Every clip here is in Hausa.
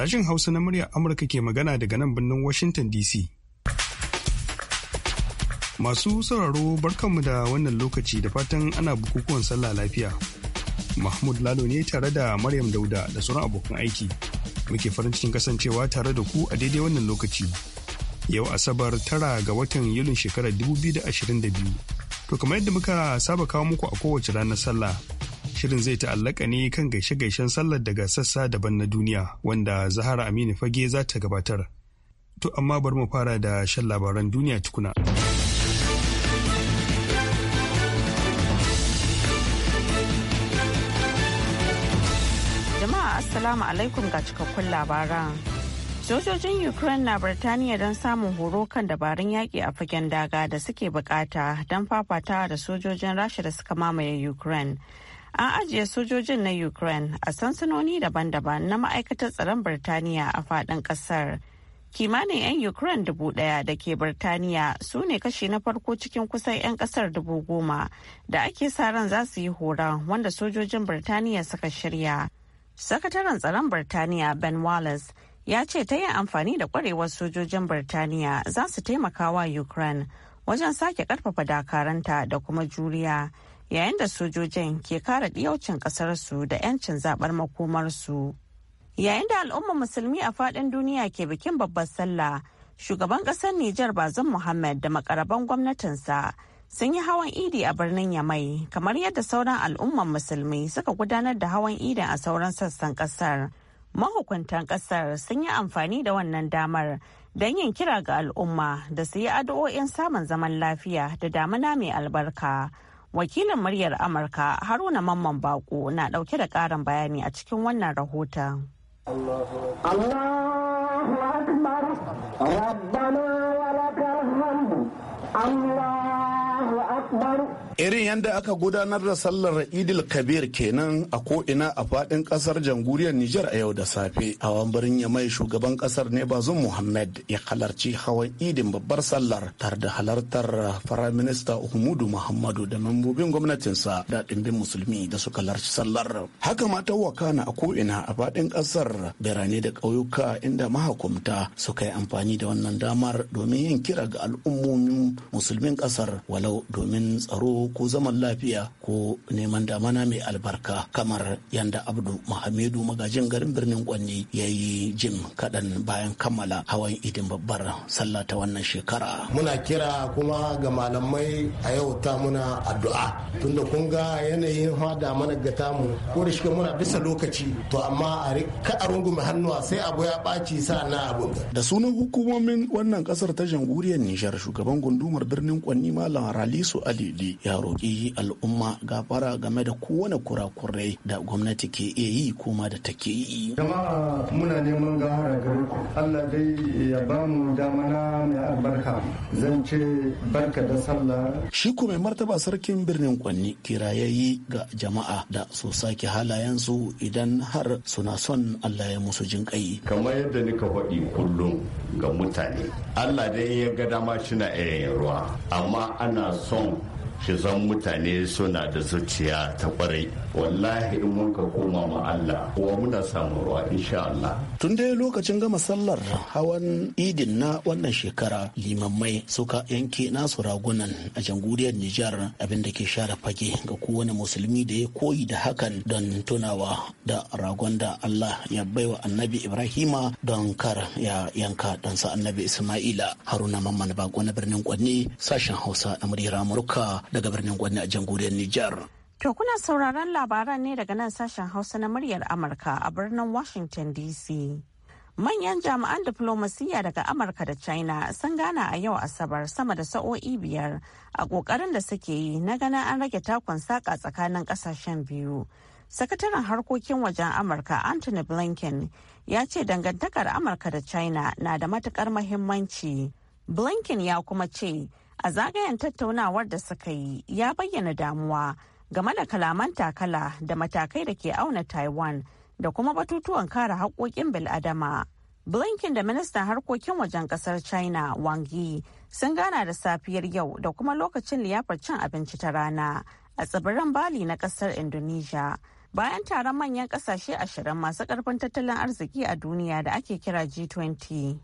Sashen Hausa na muryar Amurka ke magana daga nan birnin Washington DC. Masu sauraro barkanmu da wannan lokaci da fatan ana bukukuwan sallah lafiya. Mahmud Lalo ne tare da Maryam Dauda da sauran abokan aiki. Muke farin cikin kasancewa tare da ku a daidai wannan lokaci. Yau Asabar tara ga watan Yulin shekarar 2022. To kamar yadda muka saba kawo muku a kowace ranar sallah shirin zai ta'allaka ne kan gaishe-gaishen sallar daga sassa daban na duniya wanda Zahara Aminu Fage za ta gabatar. To amma bari mu fara da shan labaran duniya tukuna. Jama'a Assalamu alaikum ga cikakkun labaran. Sojojin Ukraine na Birtaniya don samun horo kan dabarun yaƙi a fagen daga da suke bukata don fafatawa da sojojin Rasha da suka mamaye Ukraine. an ajiye sojojin na ukraine a sansanoni daban-daban na ma'aikatar tsaron birtaniya a faɗin ƙasar kimanin 'yan ukraine dubu daya da ke birtaniya su ne kashi na farko cikin kusan 'yan ƙasar dubu goma da ake sa ran za su yi horon wanda sojojin birtaniya suka shirya sakataren tsaron birtaniya ben wallace ya ce ta yin amfani da kwarewar sojojin birtaniya za su taimaka wa ukraine wajen sake karfafa dakaranta da kuma juriya yayin da sojojin ke kare diyaucin ƙasarsu da 'yancin zaɓar makomarsu. Yayin da al'ummar musulmi a faɗin duniya ke bikin babbar sallah, shugaban ƙasar Nijar Bazum Muhammad da makaraban gwamnatinsa sun yi hawan idi a birnin Yamai, kamar yadda sauran al'ummar musulmi suka gudanar da hawan idi a sauran sassan ƙasar. Mahukuntan ƙasar sun yi amfani da wannan damar don yin kira ga al'umma da su yi addu'o'in samun zaman lafiya da damuna mai albarka. wakilin muryar amurka haruna mamman bako na dauke da karin bayani a cikin wannan rahoton Allahu akbar irin yadda aka gudanar da sallar idil kabir kenan a ko'ina a fadin kasar jamhuriyar nijar a yau da safe hawan wambarin ya shugaban kasar ne bazun muhammad ya halarci hawan idin babbar sallar tare da halartar firaminista uhumudu muhammadu da membobin gwamnatinsa da ɗimbin musulmi da suka larci sallar haka ma ta wakana a ko'ina a fadin kasar birane da ƙauyuka inda mahakumta suka yi amfani da wannan damar domin yin kira ga al'ummomin musulmin kasar walau domin tsaro ko zaman lafiya ko neman damana mai albarka kamar yanda abdu muhammadu magajin garin birnin kwanni ya yi jin kaɗan bayan kammala hawan idin babbar sallah ta wannan shekara muna kira kuma ga malamai a yau ta muna addu'a tunda kun ga yanayin hada mana ga mu ko da shiga muna bisa lokaci to amma a rika a rungume hannuwa sai abu ya baci sa na abu da sunan hukumomin wannan kasar ta jamhuriyar nijar shugaban gundumar birnin kwanni malam ralisu alili ya roƙi al'umma gafara game da kowane kurakurai da gwamnati ke iya yi kuma da take yi. Jama'a muna neman gafara gare ku. Allah dai ya ba mu damana mai albarka. Zan ce barka da sallah. Shi kuma martaba sarkin birnin Kwanni kirayayi ga jama'a da su sake su idan har suna son Allah ya musu jin kai. Kamar yadda nika faɗi kullum ga mutane. Allah dai ya ga dama shi na ruwa amma ana son shi zan mutane suna da zuciya ta kwarai wallahi in mun ka koma mu Allah kuma muna samun ruwa insha Allah Tun dai lokacin gama sallar hawan idin na wannan shekara limammai suka yanke nasu ragunan a jamhuriyar Nijar abinda ke share fage ga kowane musulmi da ya koyi da hakan don tunawa da ragon da Allah ya baiwa annabi Ibrahima don kar ya yanka ɗansa annabi Ismaila Haruna Mamman Bako na birnin Kwanni sashen Hausa na muryar Amurka daga birnin Kwanni a jamhuriyar Nijar. To kuna sauraron labaran ne daga nan sashen Hausa na muryar Amurka a birnin Washington DC. Manyan jami'an diflomasiyya daga Amurka da China sun gana a yau Asabar sama da sa'o'i biyar a ƙoƙarin da suke yi na ganin an rage takon saƙa tsakanin ƙasashen biyu. Sakataren harkokin wajen Amurka Anthony Blinken ya ce dangantakar Amurka da China na da matukar muhimmanci. Blinken ya kuma ce a zagayen tattaunawar da suka yi ya bayyana damuwa game da kalaman takala da matakai da ke auna Taiwan da kuma batutuwan kare haƙoƙin bil'adama. Blinken da ministan harkokin wajen kasar China Wang Yi sun gana da safiyar yau da kuma lokacin liyafar cin abinci ta rana a tsibirin Bali na kasar Indonesia. Bayan taron manyan kasashe ashirin masu karfin tattalin arziki a duniya da ake kira G20.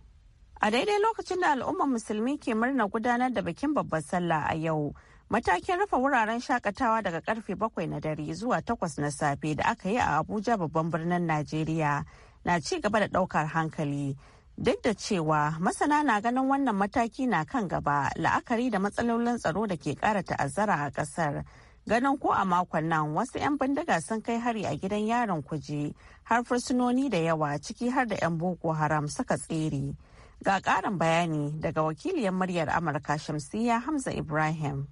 A daidai lokacin da al'ummar musulmi ke murna gudanar da bikin babbar sallah a yau, Matakin rufe wuraren shakatawa daga karfe bakwai na dare zuwa takwas na safe da aka yi a Abuja babban birnin Najeriya na ci gaba da daukar hankali. Duk da cewa masana na ganin wannan mataki na kan gaba la'akari da matsalolin tsaro da ke ƙara ta'azzara a kasar Ganin ko a makon nan wasu 'yan bindiga sun kai hari a gidan yaron kuje har fursunoni da yawa ciki har da 'yan Boko Haram suka tsere. Ga karin bayani daga wakiliyar muryar Amurka Shamsiyya Hamza Ibrahim.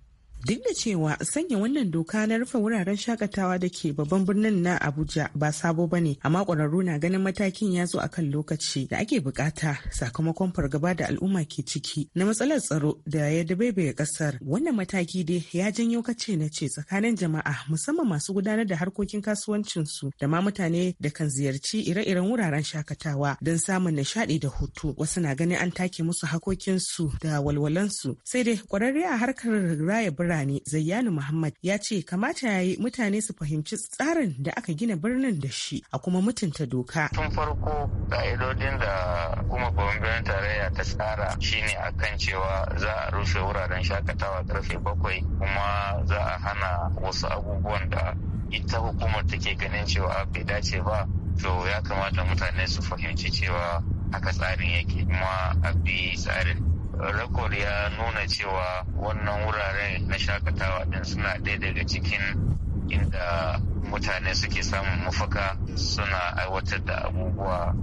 duk da cewa sanya wannan doka na rufe wuraren shakatawa da ke babban birnin na abuja ba sabo bane amma ƙwararru na ganin matakin ya zo akan lokaci da ake bukata sakamakon fargaba da al'umma ke ciki na matsalar tsaro da ya dabaibaye kasar wannan mataki dai ya janyo kace na ce tsakanin jama'a musamman masu gudanar da harkokin kasuwancin su da ma mutane da kan ziyarci ire-iren wuraren shakatawa don samun nishaɗi da hutu wasu na ganin an take musu hakokinsu da walwalansu sai dai ƙwararre a harkar raya birane birane zayyanu muhammad ya ce kamata ya yi mutane su fahimci tsarin da aka gina birnin da shi a kuma mutunta doka tun farko ka'idodin da kuma gwamnatin tarayya ta tsara shine akan cewa za a rushe wuraren shakatawa karfe bakwai kuma za a hana wasu abubuwan da ita hukumar take ganin cewa bai dace ba to ya kamata mutane su fahimci cewa haka tsarin yake kuma a bi tsarin rekod ya nuna cewa wannan wuraren na shakatawa din suna ɗaya daga cikin inda mutane suke samun mafaka suna aiwatar da abubuwa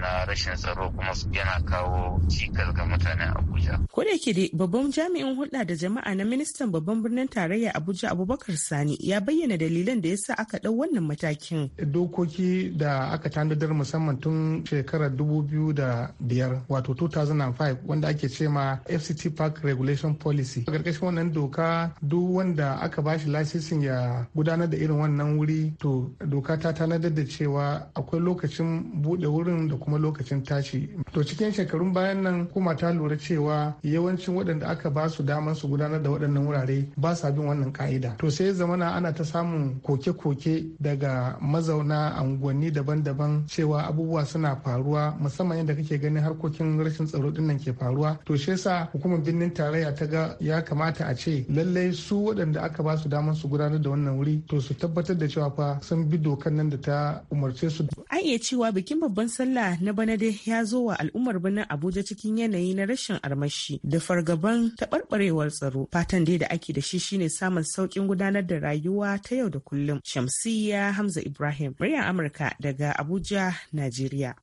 na rashin tsaro kuma yana kawo cikas ga mutanen Abuja. Ko da yake babban jami'in hulɗa da jama'a na ministan babban birnin tarayya Abuja Abubakar Sani ya bayyana dalilan da ya sa aka ɗau wannan matakin. Dokoki da aka tanadar musamman tun shekarar dubu biyu da biyar wato 2005 wanda ake ce ma FCT Park Regulation Policy. A ƙarƙashin wannan doka duk wanda aka bashi lasisin ya gudanar da irin wannan wuri to doka ta tanadar da cewa akwai lokacin buɗe wurin da kuma kuma lokacin tashi to cikin shekarun bayan nan kuma ta lura cewa yawancin waɗanda aka ba su daman su gudanar da waɗannan wurare ba sa bin wannan ka'ida to sai zamana ana ta samun koke-koke daga mazauna unguwanni daban-daban cewa abubuwa suna faruwa musamman yadda kake ganin harkokin rashin tsaro dinnan ke faruwa to shi yasa hukumar birnin tarayya ta ga ya kamata a ce lallai su waɗanda aka ba su daman su gudanar da wannan wuri to su tabbatar da cewa fa sun bi dokan nan da ta umarce su. An iya cewa bikin babban sallah na bana dai ya zo wa al'ummar birnin Abuja cikin yanayi na rashin armashi da fargaban taɓarɓarewar tsaro. Fatan dai da ake da shi shine samun sauƙin gudanar da rayuwa ta yau da kullum. Shamsiyya Hamza Ibrahim, muryar Amurka daga Abuja, Najeriya.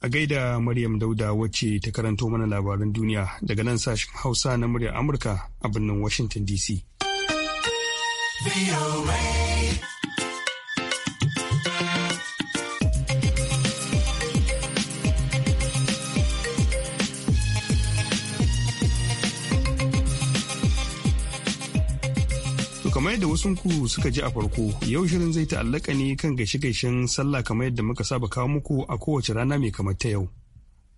A gaida Maryam Dauda wacce ta karanto mana labaran duniya daga nan sashen Hausa na muryar Amurka a birnin Washington DC. kamar yadda wasu ku suka ji a farko yau shirin zai ta'allaka ne kan gaishe-gaishen sallah kamar yadda muka saba kawo muku a kowace rana mai kamar ta yau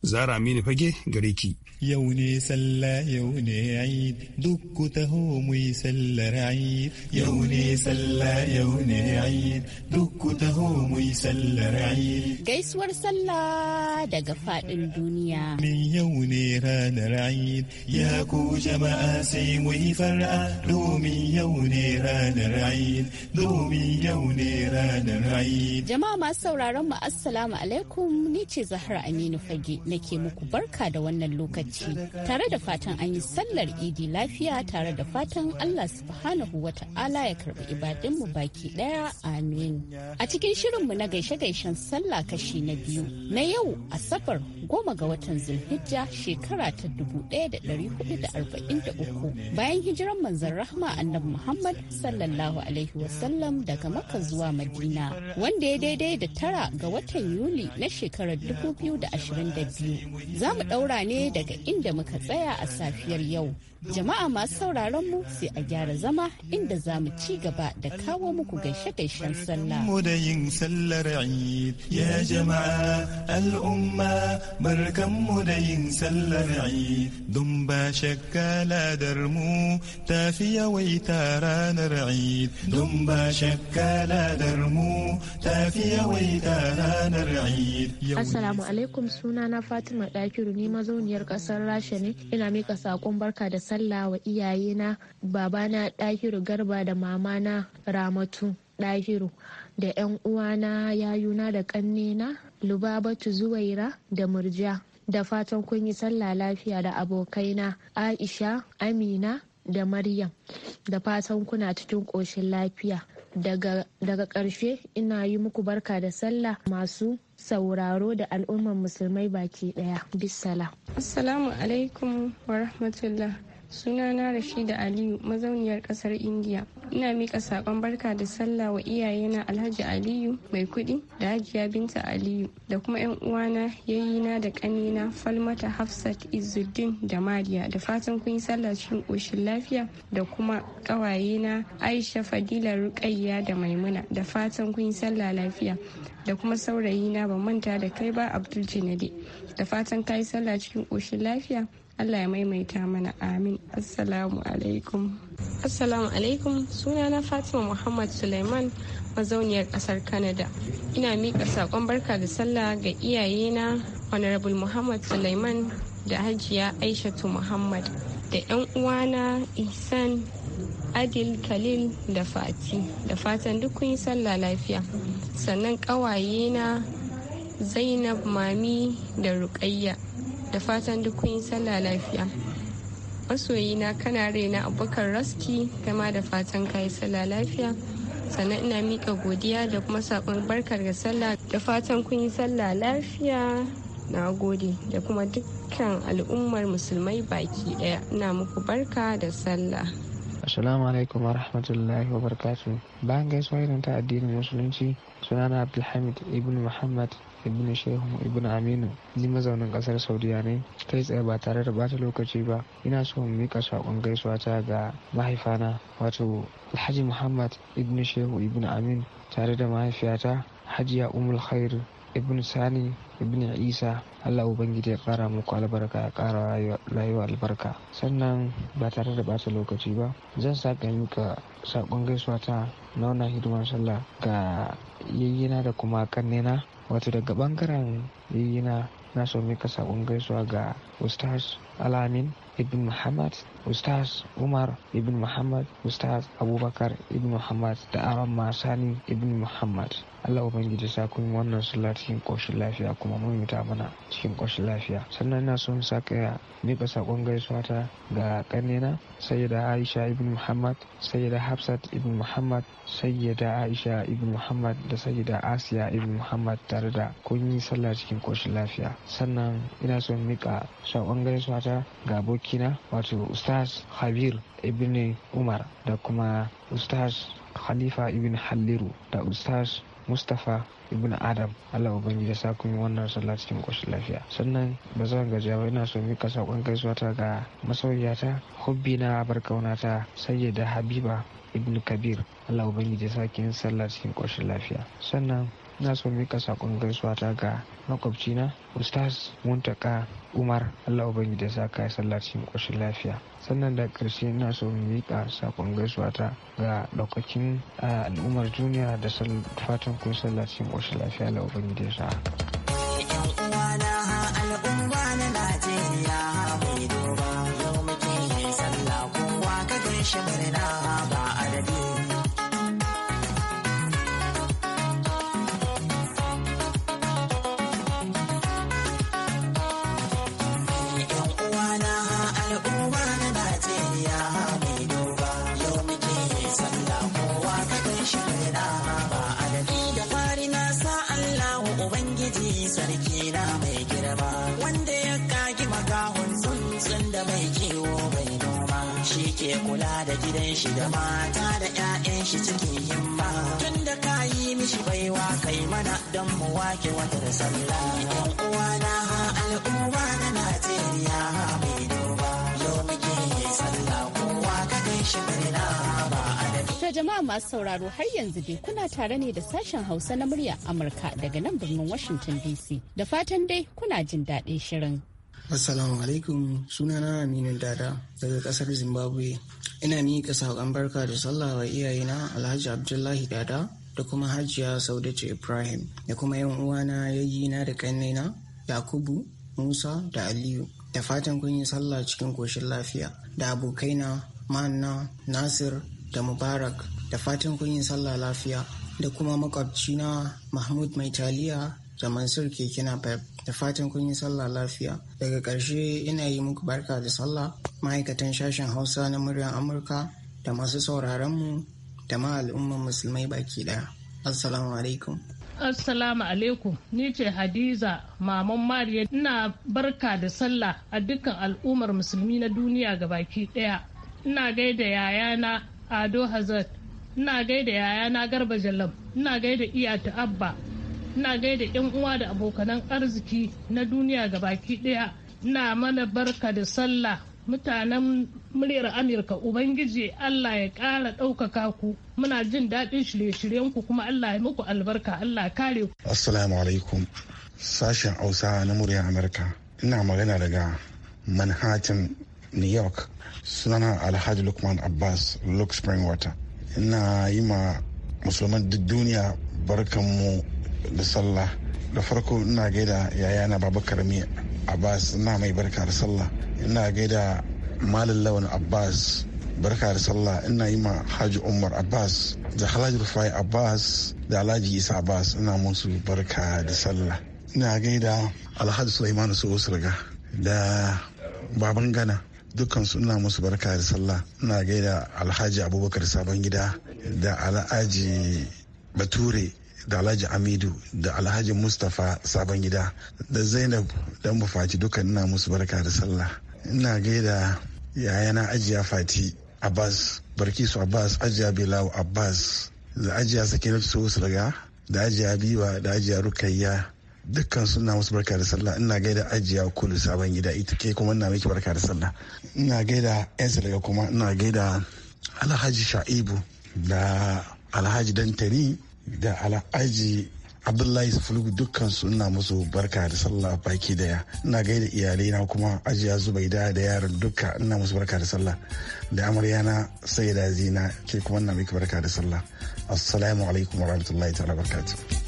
Zara Aminu Fage gare ki. Yau ne sallah yau ne Eid duk ku taho mu sallar Eid. Yau ne sallah yau ne Eid duk ku taho mu sallar Eid. Gaisuwar sallah daga fadin duniya. Min yau ne ranar Eid ya ku jama'a sai mu yi far'a domin yau ne ranar Eid domin yau ne ranar Eid. Jama'a masu sauraron mu assalamu alaikum ni ce Zahra Aminu Fage. nake muku barka da wannan lokaci tare da fatan an yi sallar idi lafiya tare da fatan Allah subhanahu wa ta'ala ya karbi ibadunmu baki daya amin. A cikin shirinmu na gaishe-gaishen sallah kashi na biyu na yau asabar goma ga watan zulhijja shekara ta 1443 bayan hijiran manzon rahma annabi Muhammad sallallahu alaihi wasallam daga maka zuwa Madina wanda ya daidai da tara ga watan Yuli na shekarar 2022 su. Za mu ɗaura ne daga inda muka tsaya a safiyar yau. Jama'a masu sauraron mu sai a gyara zama inda za mu ci gaba da kawo muku gaishe-gaishen sallah. Mu da yin sallar Eid ya jama'a al'umma barkan mu da yin sallar Eid don ba shakka ladar mu ta fi yawaita ranar Eid don ba shakka ladar mu ta fi yawaita ranar Eid. Assalamu alaikum sunana Fatima Dakiru ni mazauniyar kasar Rasha ne ina mika saƙon barka da sallah wa iyayena babana Dakiru Garba da mamana Ramatu Dakiru da 'yan uwana yayuna da ƙannena Lubabatu Zuwaira da Murja da fatan kun yi sallah lafiya da abokaina Aisha Amina da Maryam da fatan kuna cikin ƙoshin lafiya. daga, daga ƙarshe ina yi muku barka da sallah masu sauraro da al'ummar musulmai baki ɗaya bisala assalamu alaikum wa rahmatullah suna sunana rashida aliyu mazauniyar ƙasar indiya ina mika sakon barka da sallah wa iyayena alhaji aliyu mai kudi da hajiya binta aliyu da kuma yan uwana na da kanina falmata hafsat izuddin da mariya da fatan kun yi sallah cikin koshin lafiya da kuma ƙawayena aisha fadila rukayya da maimuna da fatan kun yi sallah lafiya da kuma saurayi na ban manta da kai ba abdul jinadi da fatan ka yi sallah cikin koshin lafiya Allah ya maimaita mana amin assalamu alaikum Assalamu alaikum na Fatima Muhammad Suleiman mazauniyar kasar Canada. Ina miƙa saƙon barka da sallah ga iyayena Honorable Muhammad Suleiman da Hajiya Aishatu Muhammad da 'yan uwana Ihsan Adil Khalil da Fati da fatan duk kun yi sallah lafiya. Sannan ƙawayena Zainab Mami da ruƙayya da fatan duk kun yi sallah lafiya. masoyina kana raina abokan raski kama da fatan kayi sallah lafiya sannan ina mika godiya da kuma saƙon barkar ga sallah da fatan kun yi sallah lafiya na gode da kuma dukkan al'ummar musulmai baki ɗaya ina muku barka da sallah Assalamu alaikum wa rahmatullahi wa barakatu. Bayan gaisuwa irin ta addinin musulunci, sunana abdulhamid ibn muhammad ibn shehu ibn aminu ni mazaunin kasar saudiya ne kai tsaye ba tare da bata lokaci ba ina so mu mika saƙon gaisuwa ta ga mahaifana wato alhaji muhammad ibn shehu ibn amin tare da mahaifiyata hajiya umul khair ibn sani ibn isa allah ubangiji ya kara muku albarka ya kara rayuwa albarka sannan ba tare da bata lokaci ba zan saka mika saƙon gaisuwa ta na hidimar sallah ga yayyina da kuma kannena wato daga ɓangaren yayyina na so mika sakon gaisuwa ga ustaz alamin ibn muhammad ustaz umar ibn muhammad ustaz abubakar ibn muhammad da aron masani ibn muhammad allah ubangiji sa kun wannan sallah cikin koshin lafiya kuma mun yi mana cikin koshin lafiya sannan ina son saka mika sakon gaisuwa ta ga kannena sayyida aisha ibn muhammad sayyida hafsat ibn muhammad sayyida aisha ibn muhammad da sayyida asiya ibn muhammad tare da kun yi sallah cikin koshin lafiya sannan ina son mika sakon gaisuwa ta ga aboki abokina wato ustaz habir ibn umar da kuma ustaz khalifa ibn halliru da ustaz mustapha ibn adam allah ubangi da sa kuma wannan sallah cikin koshin lafiya sannan ba zan gajiya ba ina so mika saƙon gaisuwa ta ga masauyata, hobbi na barkaunata da habiba ibn kabir allah ubangiji da sa kin sallah cikin koshin lafiya sannan na son mika sakon gaisuwa ta ga makwabcina ustaz muntaka umar allah ubangi da sa kai sallacin koshin lafiya sannan da karshe na so mika sakon gaisuwa ta ga ɗaukakin al'ummar duniya da fatan kun sallacin koshin lafiya allah ubangi da sa Shibarina ya kula da gidan shi da mata da 'ya'yan shi cikin himma tun da ka yi mishi baiwa kai mana don mu wake watar sallah yan uwa na ha al'umma na Najeriya mai duba yau muke yi sallah kowa ka kai shi na ba adadi jama'a masu sauraro har yanzu dai kuna tare ne da sashen hausa na murya amurka daga nan birnin washington dc da fatan dai kuna jin daɗin shirin Assalamu alaikum sunana Aminu Dada daga kasar Zimbabwe. Ina miƙa saƙon barka da sallah wa iyayena Alhaji Abdullahi Dada da kuma Hajiya Saudace Ibrahim da kuma yan uwana yayyina da ƙannena Yakubu, Musa da Aliyu. Da fatan kun yi sallah cikin koshin lafiya da abokaina Manna, Nasir da Mubarak da fatan kun yi sallah lafiya da kuma makwabcina Mahmud Mai Taliya da Mansur Kekina Pep. da fatan kun yi sallah lafiya daga karshe ina yi muku barka da sallah ma'aikatan sashen hausa na muryar amurka da masu sauraronmu da ma al'umman musulmai baki ɗaya assalamu alaikum Assalamu alaikum, ni ce Hadiza Maman Mariya ina barka da sallah a dukkan al'ummar musulmi na duniya ga baki ɗaya. Ina gaida yayana Ado Hazard, ina gaida yayana Garba Jallam, ina gaida iya abba ina gaida yan uwa da abokanan arziki na duniya ga baki daya ina mana barka da sallah mutanen muryar amurka ubangiji allah ya kara ɗaukaka ku muna jin daɗin shirye-shiryen ku kuma allah ya muku albarka allah kare ku assalamu alaikum sashen hausa na muryar amurka ina magana daga manhattan new york sunana alhaji lukman abbas luke springwater ina yi ma musulman duk duniya barkanmu da sallah da farko ina gaida yayana baba karami abbas ina mai barka da sallah ina gaida malin lawan abbas barka da sallah ina yi ma haji umar abbas da halaji rufai abbas da alhaji isa abbas ina musu barka da sallah ina gaida alhaji sulaimanu su surga da baban gana dukkan su ina musu barka da sallah ina gaida alhaji abubakar sabon gida da alhaji bature da alhaji amidu da alhaji mustapha sabon gida da zainab dan bufaci dukkan ina musu barka da sallah ina gaida yayana ajiya fati abbas barkisu abbas ajiya bilawo abbas da ajiya sakinatu daga da ajiya biwa da ajiya rukayya dukkan suna musu barka da sallah ina gaida ajiya kulu sabon gida ita ke kuma ina miki barka da sallah ina gaida yan daga kuma ina gaida alhaji sha'ibu da alhaji dantani da aji abdullahi sufulugu dukkan su ina musu barka da sallah baki daya ina gaida iyalai na kuma ajiya zubai da yaran duka ina musu barka da sallah da amarya na sai da zina ke kuma ina miki barka da sallah assalamu alaikum warahmatullahi ta'ala barakatuh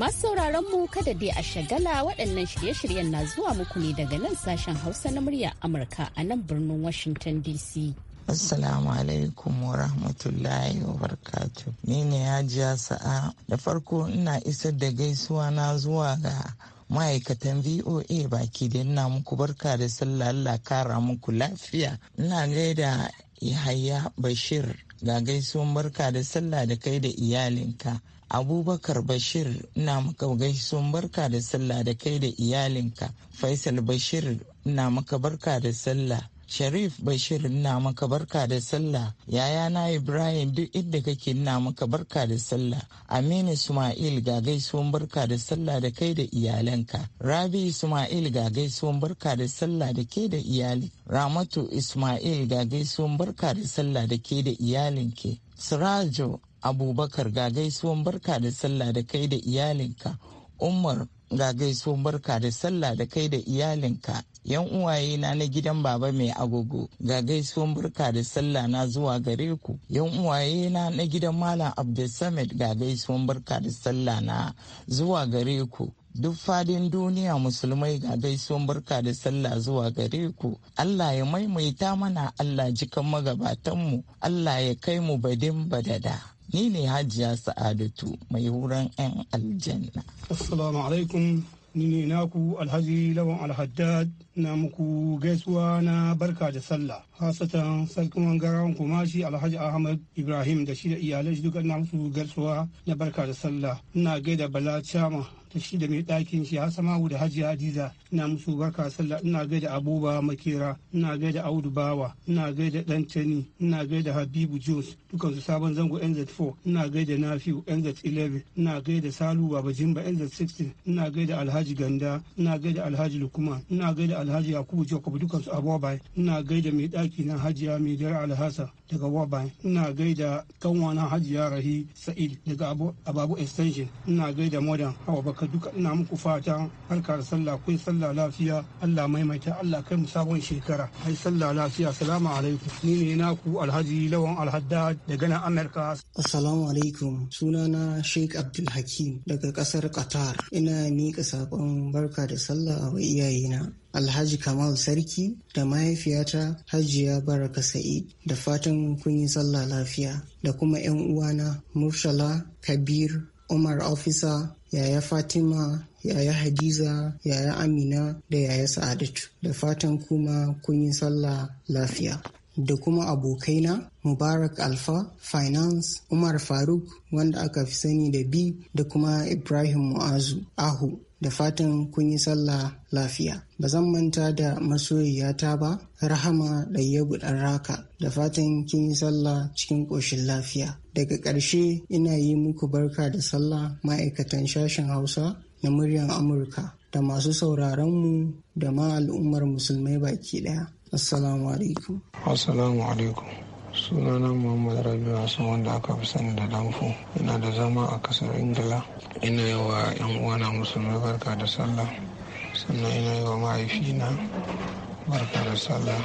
Masu sauraron mu kada dai a shagala waɗannan shirye-shiryen na zuwa muku ne daga nan sashen Hausa na murya Amurka a nan birnin Washington DC. Assalamu alaikum wa rahmatullahi wa barkatu. Ni ne ya Sa'a. Da farko ina isar da gaisuwa na zuwa ga ma'aikatan VOA baki da ina muku barka da sallah Allah kara muku lafiya. Ina gaida Yahaya Bashir ga gaisuwan barka da sallah da kai da iyalinka. abubakar bashir na maka gaisuwan barka da sallah da kai da iyalinka faisal bashir na maka barka da sallah Sharif Bashir na maka barka da sallah, yayana Ibrahim duk inda kake na maka barka da sallah, Aminu Ismail ga gaisuwan barka da sallah da kai da iyalanka, Rabi Ismail ga gaisuwan barka da sallah da ke da iyali, Ramatu Ismail ga gaisuwan barka da sallah da ke da iyalinke. Sirajo abubakar ga gaisuwan barka da sallah da kai da iyalinka umar ga gaisuwan barka da sallah da kai da iyalinka yan uwaye na na gidan baba mai agogo ga gaisuwan barka da sallah na zuwa gare ku yan uwaye na na gidan malam abdulsamid ga gaisuwan barka da sallah na zuwa gare ku duk fadin duniya musulmai ga gaisuwan barka da sallah zuwa gare ku Allah ya maimaita mana Allah jikan magabatanmu Allah ya kai mu badin badada Ni ne Hajiya Sa'adatu mai huran 'yan aljanna. Assalamu alaikum ni ne naku alhaji lawan alhaddad na muku gaisuwa na barka da sallah hasatan sarkin wangarawan kumashi alhaji ahmad ibrahim da shi da iyalai shi duka na musu gaisuwa na barka da sallah ina gaida bala chama ta shi da mai ɗakin shi Samawu da Hajiya Hadiza ina musu barka sallah ina gaida Abuba Makera ina gaida Audu Bawa ina gaida Tani. ina gaida Habibu Jones dukkan su sabon zango NZ4 ina gaida Nafiu NZ11 ina gaida Salu Baba Jimba NZ16 ina gaida Alhaji Ganda ina gaida Alhaji Lukuma ina gaida Alhaji Yakubu Jacob dukkan su Abubai ina gaida mai ɗaki na Hajiya mai Dara Alhasa daga Wabai ina gaida kanwana Hajiya Rahi Sa'id daga Ababu Extension ina gaida Modern Hawa haka duka ina muku fatan harkar sallah kun sallah lafiya Allah maimaita Allah kai mu sabon shekara ai sallah lafiya salamu alaikum ni ne naku Alhaji Lawan Alhaddad daga nan Amerika Assalamu alaikum sunana Sheikh Abdul Hakim daga kasar Qatar ina miƙa sabon barka da sallah wa iyayena Alhaji Kamal Sarki da mahaifiyata Hajiya Baraka Sa'id da fatan kun yi sallah lafiya da kuma 'yan uwana Murshala Kabir Umar Ofisa, yaya Fatima, yaya Hadiza, yaya Amina da yaya Sa'adatu. Da fatan kuma kun yi sallah lafiya. Da kuma abokaina Mubarak Alfa, Finance, Umar Faruk wanda aka fi sani da B da kuma Ibrahim Mu'azu, Ahu. da fatan kun yi sallah lafiya. Ba zan manta da masoyiyata ba, Rahama Ɗayyabu ɗan raka, da fatan kin yi sallah cikin ƙoshin lafiya. Daga ƙarshe ina yi muku barka da sallah ma'aikatan sashen Hausa na muryar Amurka da masu sauraronmu da ma al'ummar musulmai baki ɗaya. Assalamu alaikum. Assalamu alaikum. sunana muhammad rabi wasu wanda aka fi sani da danfo ina da zama a kasar ingila ina yi wa yan uwana musulmi barka da sallah sannan ina yi wa mahaifina barka da sallah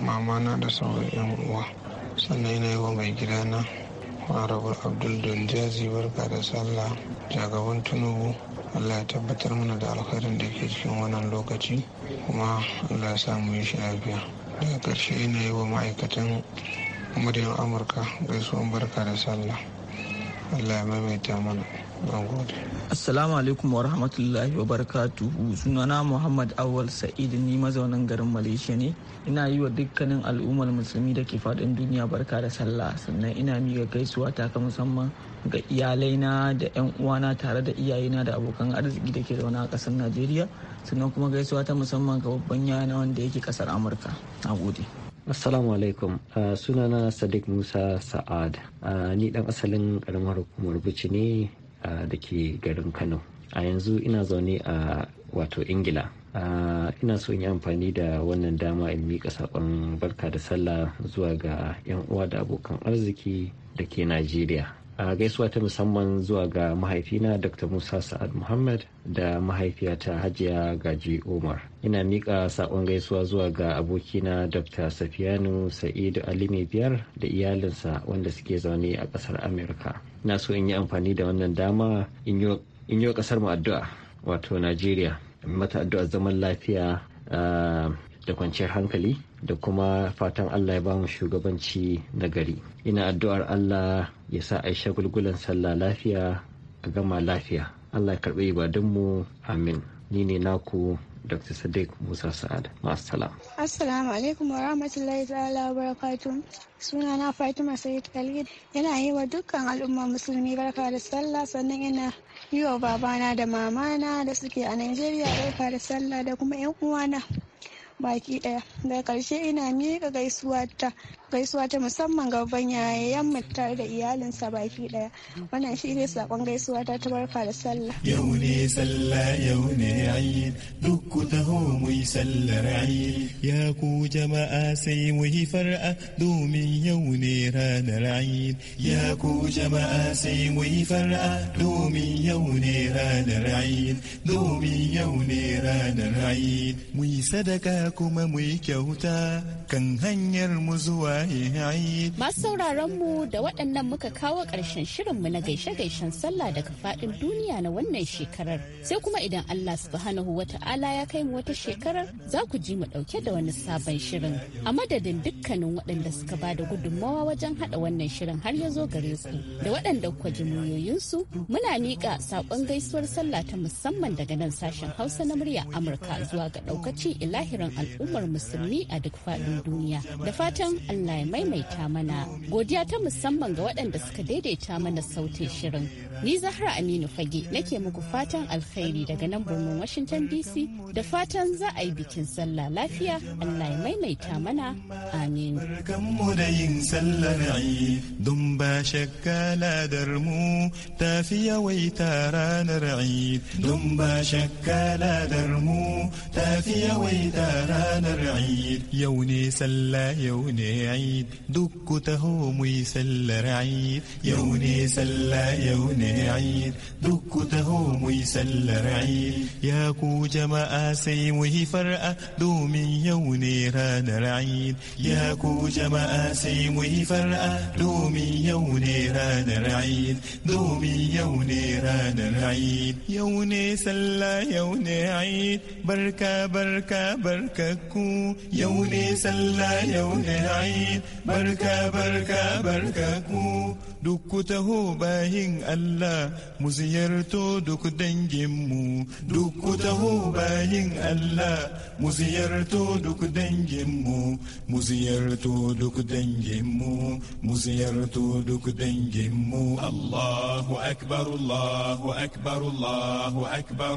mamana da sauran yan uwa sannan ina yi wa mai gidana harabar abdul donjazi barka da sallah jagaban tunubu allah ya tabbatar mana da alkhairin da ke cikin wannan lokaci kuma allah ya samu yi shi lafiya daga ƙarshe ina yi wa ma'aikatan muryar amurka gaisuwan barka da sallah allah ya maimaita mana Assalamu alaikum wa rahmatullahi wa barakatuhu sunana Muhammad Awal Sa'id ni mazaunin garin Malaysia ne ina yi wa dukkanin al'ummar musulmi da ke faɗin duniya barka da sallah sannan ina miƙa gaisuwa ta ka musamman ga iyalaina da 'yan uwana tare da iyayena da abokan arziki da ke zaune a ƙasar Najeriya sannan kuma gaisuwa ta musamman ga babban yana wanda yake ƙasar Amurka. Na gode. Assalamu alaikum uh, sunana Sadiq Musa Sa'ad uh, ni dan asalin karamar hukumar Bici ne uh, da ke garin Kano a yanzu ina zaune a wato Ingila uh, ina so yi amfani da wannan dama in miƙa saƙon barka da sallah zuwa ga 'yan uwa da abokan arziki da ke Najeriya a gaisuwa ta musamman zuwa ga mahaifina dr musa sa'ad muhammad da mahaifiyata hajiya gaji umar ina miƙa saƙon gaisuwa zuwa ga abokina dr safiyanu sa'idu alimi biyar da iyalinsa wanda suke zaune a ƙasar amurka na so in yi amfani da wannan dama in yi wa ƙasar mu addu'a wato najeriya mata addu'a zaman lafiya ah, da kwanciyar hankali da kuma fatan Allah ya ba shugabanci na gari. Ina addu'ar Allah ya sa Aisha gulgulan sallah lafiya a gama lafiya. Allah ya karɓi mu amin. Ni ne naku Dr. Sadiq Musa Sa'ad. Masalam. Assalamu alaikum wa rahmatullahi ta'ala wa barakatuh. Suna na Fatima Sayyid Khalid. Yana yi wa dukkan al'umma musulmi barka da sallah sannan yana yi wa babana da mamana da suke a Najeriya barka da sallah da kuma 'yan uwana. baki daya daga karshe ina miƙa gaisuwa ta gaisuwa ta musamman ga babban yaya yan tare da iyalinsa baki daya wannan shi ne sakon gaisuwa ta ta barka da sallah yau ne sallah yau ne ayi duk ku taho mu yi sallar ayi ya ku jama'a sai mu yi far'a domin yau ne ranar ayi ya ku jama'a sai mu yi far'a domin yau ne ranar ayi domin yau ne ranar ayi mu yi sadaka kuma mu yi kyauta kan hanyar mu zuwa Masu sauraron mu da waɗannan muka kawo ƙarshen shirinmu na gaishe-gaishen sallah daga faɗin duniya na wannan shekarar. Sai kuma idan Allah subhanahu wa ta'ala ya kai mu wata shekarar za ku ji mu ɗauke da wani sabon shirin. A madadin dukkanin waɗanda suka ba da gudummawa wajen haɗa wannan shirin har ya zo gare ku, Da waɗanda kuka ji muna miƙa saƙon gaisuwar sallah ta musamman daga nan sashen Hausa na murya Amurka zuwa ga ɗaukacin ilahirin al'ummar musulmi a duk faɗin duniya. Da fatan Allah Allah ya maimaita mana. Godiya ta musamman ga waɗanda suka daidaita mana sautin shirin. Ni Zahra Aminu Fage nake muku fatan alkhairi daga nan birnin Washington DC da fatan za a yi bikin sallah lafiya Allah ya maimaita mana. Amin. Don ba shakka ladar mu yawaita tafi yawaita ranar Eid. Yau ne sallah yau ne عيد دك تهوم سل رعيد يوني سلا يوني عيد دك تهوم سل رعيد يا كو جما سي وهي فرقة دومي يوني ران رعيد يا كو جما سي وهي فرقة دومي يوني ران رعيد دومي يوني ران رعيد يوني سلا يوني عيد بركة بركة بركة كو يوني سلا يوني عيد barka barka barka ku duk ku taho bayin Allah mu ziyarto duk danginmu duk ku taho bayin Allah mu ziyarto duk danginmu mu ziyarto duk danginmu mu ziyarto duk danginmu Allahu akbar Allahu akbar Allahu akbar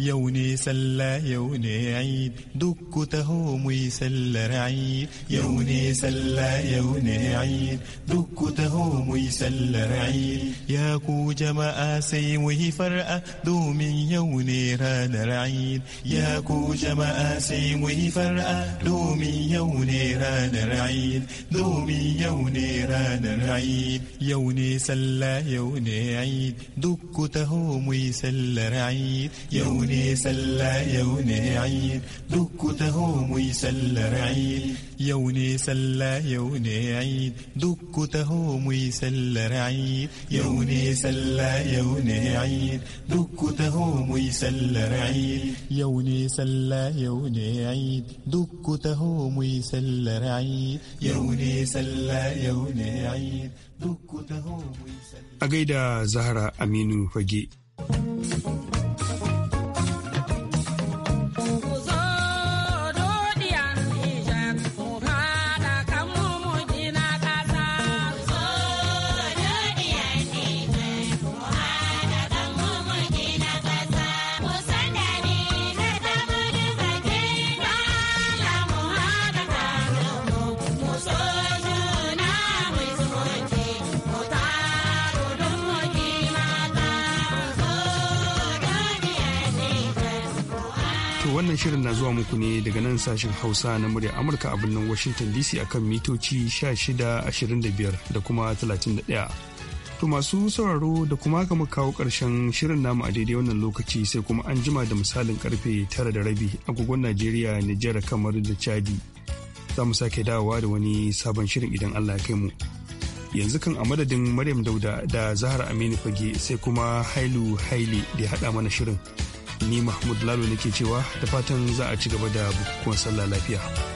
يوني سلا يوني عيد دك تهوم يسلر عيد يوني سلا يوني عيد دك تهوم يسلر رعيد يا كو جما سيوه فرأة دوم يوني رانر رعيد يا كو جما سيوه فرأة دوم يوني رانر رعيد دوم يوني رانر عيد يوني سلا يوني عيد دك تهوم يسلر رعيد يوني ne salla yau ne ayin duk ku taho mu yi sallar ayin yau ne salla yau ne ayin duk ku taho mu yi sallar ayin yau ne salla yau ne ayin duk ku taho mu yi sallar ayin yau ne salla yau ne ayin duk ku taho mu yi sallar ayin yau ne salla yau ne ayin A gaida Zahra Aminu Fage daga nan sashen Hausa na muryar Amurka a birnin Washington DC akan mitoci 1625 da kuma 31. To masu sauraro da kuma ka muka kawo ƙarshen shirin namu a daidai wannan lokaci sai kuma an jima da misalin karfe tara da rabi agogon Najeriya, Nijar kamar da Chadi. Za mu sake dawowa da wani sabon shirin idan Allah ya kai mu. yanzu kan a madadin Maryam Dauda da Zahar Aminu Fage sai kuma Hailu Haile da ya haɗa mana shirin. ni mahmud lalo nake cewa da fatan za a ci gaba da bukukuwan sallah lafiya